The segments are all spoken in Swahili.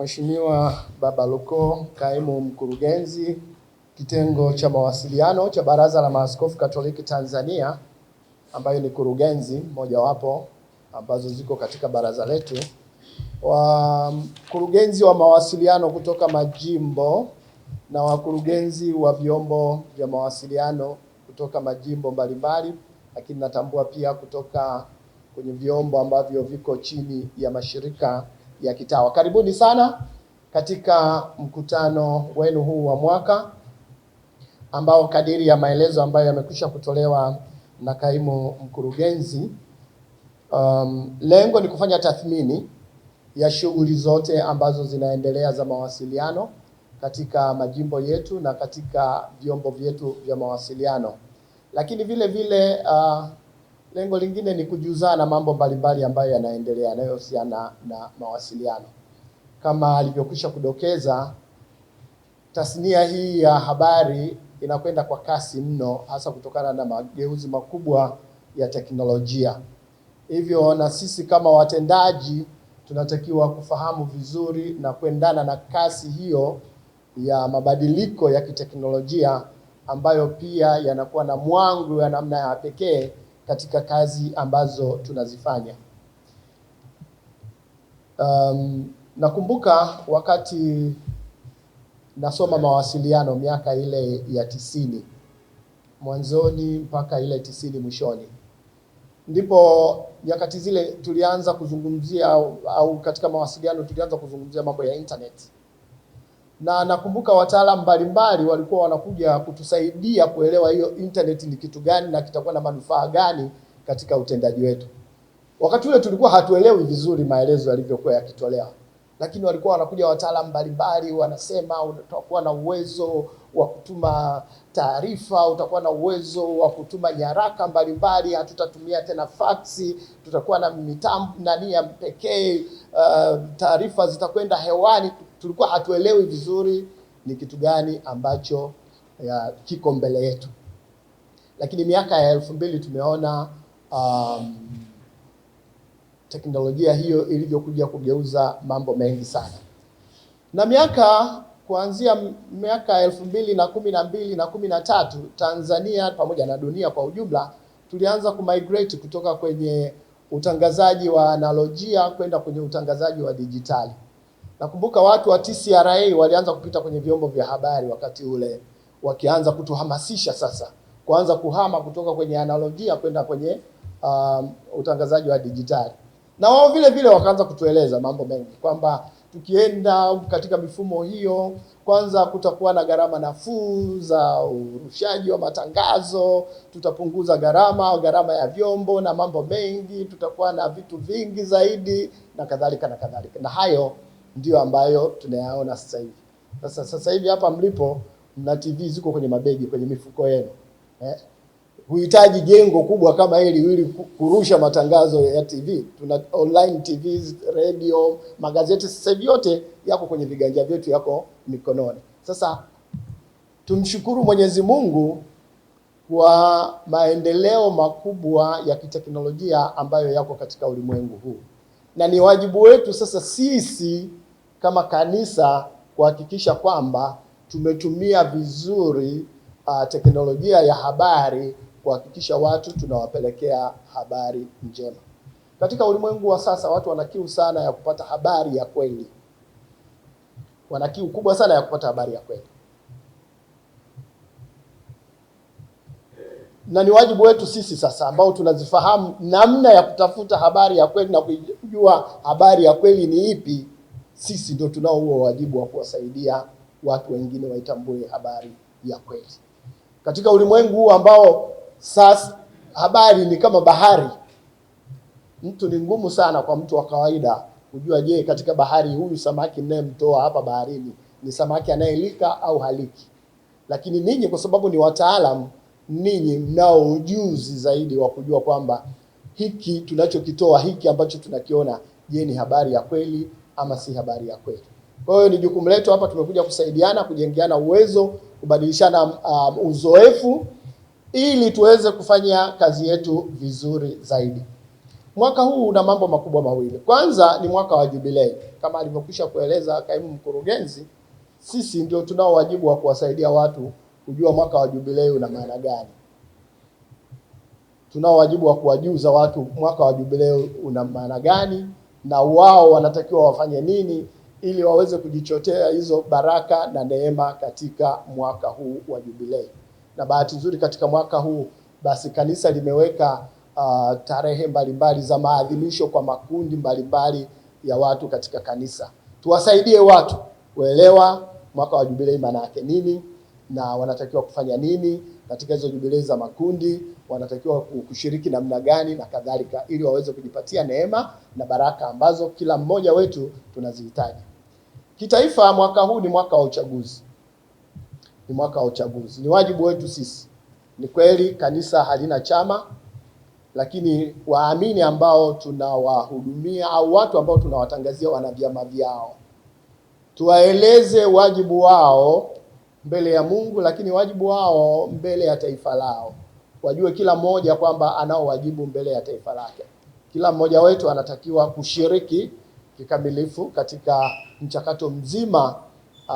Mheshimiwa Baba Luko, kaimu mkurugenzi kitengo cha mawasiliano cha Baraza la Maaskofu Katoliki Tanzania, ambayo ni kurugenzi mojawapo ambazo ziko katika baraza letu, wa wa mawasiliano kutoka majimbo na wakurugenzi wa vyombo vya mawasiliano kutoka majimbo mbalimbali, lakini natambua pia kutoka kwenye vyombo ambavyo viko chini ya mashirika ya kitawa. Karibuni sana katika mkutano wenu huu wa mwaka ambao kadiri ya maelezo ambayo yamekwisha kutolewa na kaimu mkurugenzi, um, lengo ni kufanya tathmini ya shughuli zote ambazo zinaendelea za mawasiliano katika majimbo yetu na katika vyombo vyetu vya mawasiliano, lakini vile vile uh, Lengo lingine ni kujuzana mambo mbalimbali ambayo yanaendelea yanayohusiana na mawasiliano. Kama alivyokwisha kudokeza, tasnia hii ya habari inakwenda kwa kasi mno, hasa kutokana na mageuzi makubwa ya teknolojia. Hivyo na sisi kama watendaji tunatakiwa kufahamu vizuri na kuendana na kasi hiyo ya mabadiliko ya kiteknolojia ambayo pia yanakuwa na mwangu wa namna ya pekee katika kazi ambazo tunazifanya. Um, nakumbuka wakati nasoma mawasiliano miaka ile ya tisini mwanzoni mpaka ile tisini mwishoni, ndipo nyakati zile tulianza kuzungumzia au, au katika mawasiliano tulianza kuzungumzia mambo ya internet na nakumbuka wataalamu mbalimbali walikuwa wanakuja kutusaidia kuelewa hiyo internet ni kitu gani na kitakuwa na manufaa gani katika utendaji wetu. Wakati ule tulikuwa hatuelewi vizuri maelezo yalivyokuwa yakitolewa, lakini walikuwa wanakuja wataalamu mbalimbali wanasema, utakuwa na uwezo wa kutuma taarifa, utakuwa na uwezo wa kutuma nyaraka mbalimbali, hatutatumia tena faksi, tutakuwa na mitambo nani ya pekee, uh, taarifa zitakwenda hewani tulikuwa hatuelewi vizuri ni kitu gani ambacho ya, kiko mbele yetu, lakini miaka ya elfu mbili tumeona um, teknolojia hiyo ilivyokuja kugeuza mambo mengi sana, na miaka kuanzia miaka elfu mbili na kumi na mbili na kumi na tatu Tanzania pamoja na dunia kwa ujumla tulianza kumigrate kutoka kwenye utangazaji wa analojia kwenda kwenye utangazaji wa dijitali. Nakumbuka watu wa TCRA walianza kupita kwenye vyombo vya habari wakati ule, wakianza kutuhamasisha sasa kuanza kuhama kutoka kwenye analojia kwenda kwenye um, utangazaji wa dijitali, na wao vile vile wakaanza kutueleza mambo mengi kwamba tukienda katika mifumo hiyo, kwanza kutakuwa na gharama nafuu za urushaji wa matangazo, tutapunguza gharama gharama ya vyombo na mambo mengi, tutakuwa na vitu vingi zaidi na kadhalika na kadhalika, na hayo ndiyo ambayo tunayaona sasa hivi. Sasa sasa hivi hapa mlipo mna TV ziko kwenye mabegi, kwenye mifuko yenu eh? Huhitaji jengo kubwa kama hili ili kurusha matangazo ya TV. Tuna online TVs, radio, magazeti sasa hivi yote yako kwenye viganja vyetu, yako mikononi. Sasa tumshukuru Mwenyezi Mungu kwa maendeleo makubwa ya kiteknolojia ambayo yako katika ulimwengu huu, na ni wajibu wetu sasa sisi kama kanisa kuhakikisha kwamba tumetumia vizuri uh, teknolojia ya habari kuhakikisha watu tunawapelekea habari njema. Katika ulimwengu wa sasa, watu wana kiu sana ya kupata habari ya kweli, wana kiu kubwa sana ya kupata habari ya kweli, na ni wajibu wetu sisi sasa ambao tunazifahamu namna ya kutafuta habari ya kweli na kujua habari ya kweli ni ipi sisi ndio tunao huo wajibu wa kuwasaidia watu wengine waitambue habari ya kweli katika ulimwengu huu ambao sasa habari ni kama bahari. Mtu ni ngumu sana kwa mtu wa kawaida kujua, je, katika bahari huyu samaki ninayemtoa hapa baharini ni samaki anayelika au haliki? Lakini ninyi kwa sababu ni wataalam, ninyi mnao ujuzi zaidi wa kujua kwamba hiki tunachokitoa, hiki ambacho tunakiona, je, ni habari ya kweli ama si habari ya kweli. Kwa hiyo ni jukumu letu hapa, tumekuja kusaidiana, kujengeana uwezo, kubadilishana um, uzoefu ili tuweze kufanya kazi yetu vizuri zaidi. Mwaka huu una mambo makubwa mawili. Kwanza ni mwaka wa jubilei, kama alivyokwisha kueleza kaimu mkurugenzi, sisi ndio tunao wajibu wa kuwasaidia watu kujua mwaka wa jubilei una maana gani. Tunao wajibu wa kuwajuza watu mwaka wa jubilei una maana gani na wao wanatakiwa wafanye nini ili waweze kujichotea hizo baraka na neema katika mwaka huu wa jubilei. Na bahati nzuri katika mwaka huu basi kanisa limeweka uh, tarehe mbalimbali za maadhimisho kwa makundi mbalimbali mbali ya watu katika kanisa, tuwasaidie watu kuelewa mwaka wa jubilei maana yake nini na wanatakiwa kufanya nini katika hizo jubilei za makundi, wanatakiwa kushiriki namna gani na kadhalika, ili waweze kujipatia neema na baraka ambazo kila mmoja wetu tunazihitaji. Kitaifa, mwaka huu ni mwaka wa uchaguzi, ni mwaka wa uchaguzi. Ni wajibu wetu sisi. Ni kweli kanisa halina chama, lakini waamini ambao tunawahudumia au watu ambao tunawatangazia wana vyama vyao, tuwaeleze wajibu wao mbele ya Mungu, lakini wajibu wao mbele ya taifa lao. Wajue kila mmoja kwamba anao wajibu mbele ya taifa lake. Kila mmoja wetu anatakiwa kushiriki kikamilifu katika mchakato mzima uh,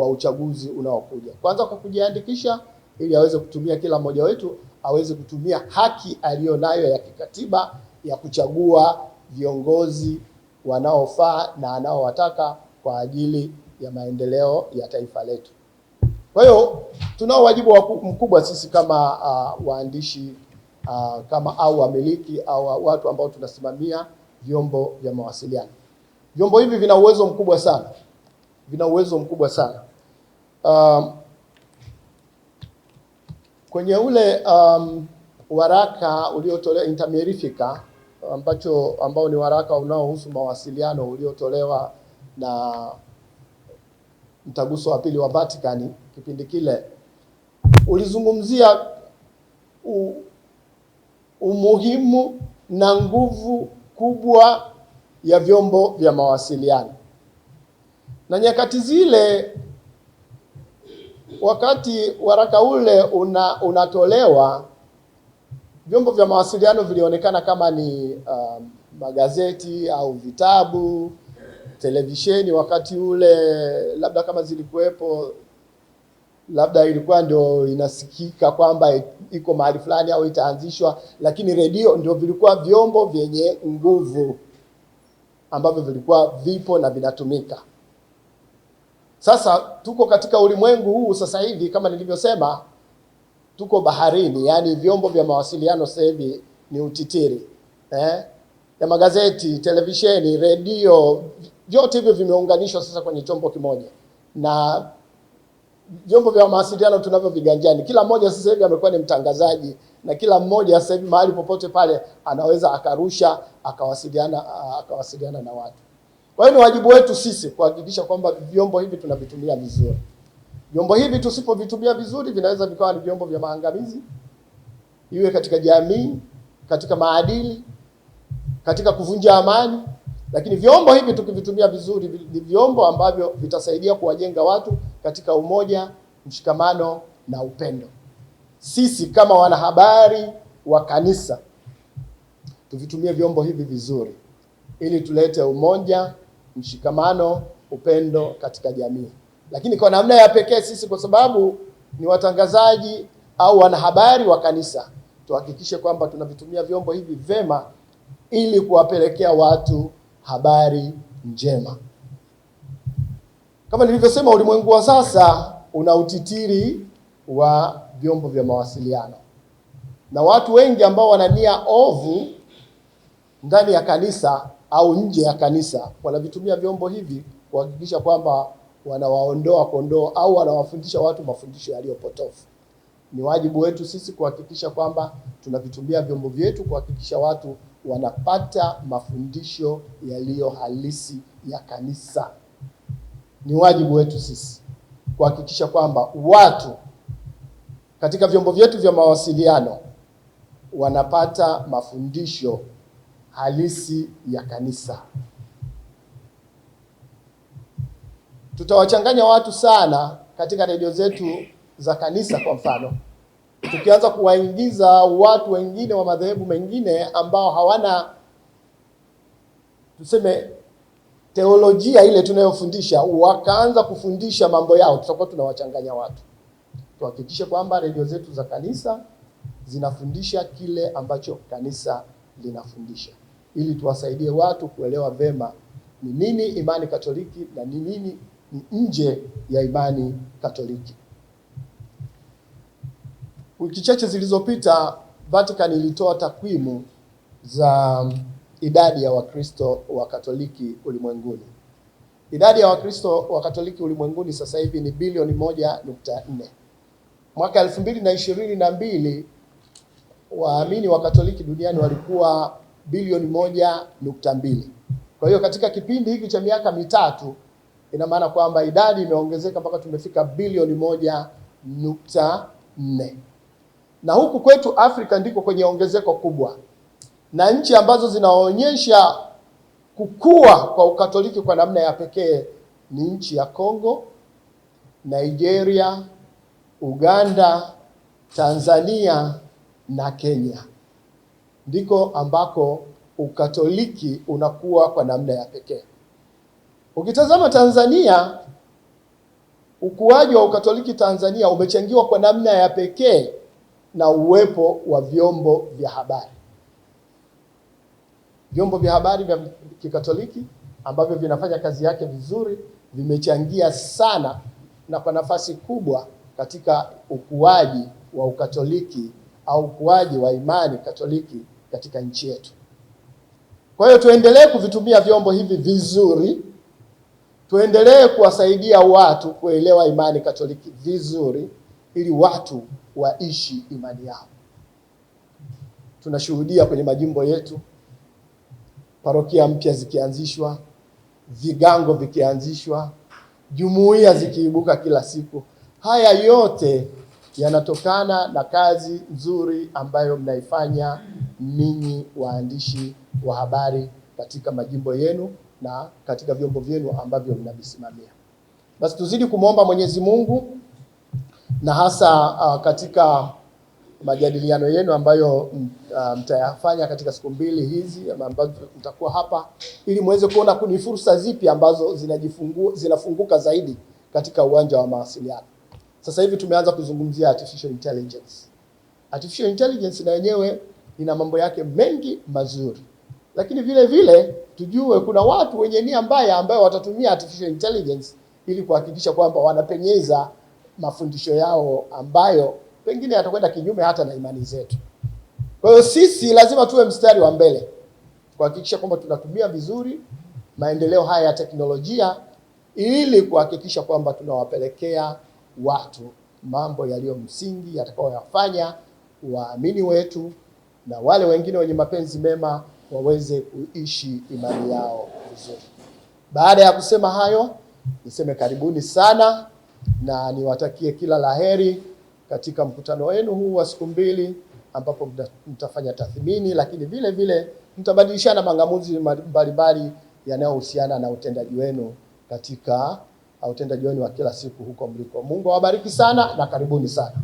wa uchaguzi unaokuja, kwanza kwa kujiandikisha, ili aweze kutumia, kila mmoja wetu aweze kutumia haki aliyonayo ya kikatiba ya kuchagua viongozi wanaofaa na anaowataka kwa ajili ya maendeleo ya taifa letu. Kwa hiyo tunao wajibu mkubwa sisi kama uh, waandishi uh, kama au wamiliki au watu ambao tunasimamia vyombo vya mawasiliano. Vyombo hivi vina uwezo mkubwa sana, vina uwezo mkubwa sana um, kwenye ule um, waraka uliotolewa Intamirifica ambacho ambao ni waraka unaohusu mawasiliano uliotolewa na mtaguso wa pili wa Vatican kipindi kile ulizungumzia u, umuhimu na nguvu kubwa ya vyombo vya mawasiliano. Na nyakati zile, wakati waraka ule una, unatolewa, vyombo vya mawasiliano vilionekana kama ni uh, magazeti au vitabu televisheni wakati ule, labda kama zilikuwepo, labda ilikuwa ndio inasikika kwamba iko mahali fulani au itaanzishwa, lakini redio ndio vilikuwa vyombo vyenye nguvu ambavyo vilikuwa vipo na vinatumika. Sasa tuko katika ulimwengu huu sasa hivi, kama nilivyosema, tuko baharini, yaani vyombo vya mawasiliano sasa hivi ni utitiri eh? ya magazeti, televisheni, redio, Vyote hivyo vimeunganishwa sasa kwenye chombo kimoja, na vyombo vya mawasiliano tunavyo viganjani. Kila mmoja sasa hivi amekuwa ni mtangazaji, na kila mmoja sasa hivi mahali popote pale anaweza akarusha akawasiliana, akawasiliana na watu. Kwa hiyo ni wajibu wetu sisi kuhakikisha kwamba vyombo hivi tunavitumia vizuri. Vyombo hivi tusipovitumia vizuri, vinaweza vikawa ni vyombo vya maangamizi, iwe katika jamii, katika maadili, katika kuvunja amani. Lakini vyombo hivi tukivitumia vizuri, ni vyombo ambavyo vitasaidia kuwajenga watu katika umoja, mshikamano na upendo. Sisi kama wanahabari wa kanisa tuvitumie vyombo hivi vizuri ili tulete umoja, mshikamano, upendo katika jamii. Lakini kwa namna ya pekee sisi kwa sababu ni watangazaji au wanahabari wa kanisa, tuhakikishe kwamba tunavitumia vyombo hivi vema ili kuwapelekea watu habari njema. Kama nilivyosema, ulimwengu wa sasa una utitiri wa vyombo vya mawasiliano, na watu wengi ambao wana nia ovu ndani ya kanisa au nje ya kanisa wanavitumia vyombo hivi kuhakikisha kwamba wanawaondoa kondoo au wanawafundisha watu mafundisho yaliyopotofu. Ni wajibu wetu sisi kuhakikisha kwamba tunavitumia vyombo vyetu kuhakikisha watu wanapata mafundisho yaliyo halisi ya kanisa. Ni wajibu wetu sisi kuhakikisha kwamba watu katika vyombo vyetu vya mawasiliano wanapata mafundisho halisi ya kanisa. Tutawachanganya watu sana katika redio zetu za kanisa, kwa mfano tukianza kuwaingiza watu wengine wa madhehebu mengine ambao hawana tuseme teolojia ile tunayofundisha, wakaanza kufundisha mambo yao, tutakuwa tunawachanganya watu. Tuhakikishe kwamba redio zetu za kanisa zinafundisha kile ambacho kanisa linafundisha, ili tuwasaidie watu kuelewa vema ni nini imani Katoliki na ni nini ni nje ya imani Katoliki. Wiki chache zilizopita Vatican ilitoa takwimu za idadi ya Wakristo wa Katoliki ulimwenguni. Idadi ya Wakristo wa Katoliki ulimwenguni sasa hivi ni bilioni moja nukta nne. Mwaka elfu mbili na ishirini na mbili waamini wa Katoliki duniani walikuwa bilioni moja nukta mbili. Kwa hiyo katika kipindi hiki cha miaka mitatu ina maana kwamba idadi imeongezeka mpaka tumefika bilioni moja nukta nne na huku kwetu Afrika ndiko kwenye ongezeko kubwa, na nchi ambazo zinaonyesha kukua kwa Ukatoliki kwa namna ya pekee ni nchi ya Kongo, Nigeria, Uganda, Tanzania na Kenya. Ndiko ambako Ukatoliki unakuwa kwa namna ya pekee. Ukitazama Tanzania, ukuaji wa Ukatoliki Tanzania umechangiwa kwa namna ya pekee na uwepo wa vyombo vya habari, vyombo vya habari vya Kikatoliki ambavyo vinafanya kazi yake vizuri, vimechangia sana na kwa nafasi kubwa katika ukuaji wa Ukatoliki au ukuaji wa imani Katoliki katika nchi yetu. Kwa hiyo tuendelee kuvitumia vyombo hivi vizuri, tuendelee kuwasaidia watu kuelewa imani Katoliki vizuri ili watu waishi imani yao. Tunashuhudia kwenye majimbo yetu, parokia mpya zikianzishwa, vigango vikianzishwa, jumuiya zikiibuka kila siku. Haya yote yanatokana na kazi nzuri ambayo mnaifanya ninyi waandishi wa habari katika majimbo yenu na katika vyombo vyenu ambavyo mnavisimamia. Basi tuzidi kumwomba Mwenyezi Mungu na hasa uh, katika majadiliano yenu ambayo mm, uh, mtayafanya katika siku mbili hizi ambazo mtakuwa hapa, ili muweze kuona ni fursa zipi ambazo zinajifungua zinafunguka zaidi katika uwanja wa mawasiliano. Sasa hivi tumeanza kuzungumzia artificial intelligence. Artificial intelligence na yenyewe ina mambo yake mengi mazuri, lakini vile vile tujue kuna watu wenye nia mbaya ambayo watatumia artificial intelligence ili kuhakikisha kwamba wanapenyeza mafundisho yao ambayo pengine yatakwenda kinyume hata na imani zetu. Kwa hiyo sisi lazima tuwe mstari wa mbele kuhakikisha kwamba tunatumia vizuri maendeleo haya ya teknolojia ili kuhakikisha kwamba tunawapelekea watu mambo yaliyo msingi yatakayoyafanya waamini wetu na wale wengine wenye mapenzi mema waweze kuishi imani yao vizuri. Baada ya kusema hayo, niseme karibuni sana na niwatakie kila laheri katika mkutano wenu huu wa siku mbili ambapo mtafanya tathmini, lakini vile vile mtabadilishana mang'amuzi mbalimbali yanayohusiana na utendaji wenu katika utendaji wenu wa kila siku huko mliko. Mungu awabariki sana na karibuni sana.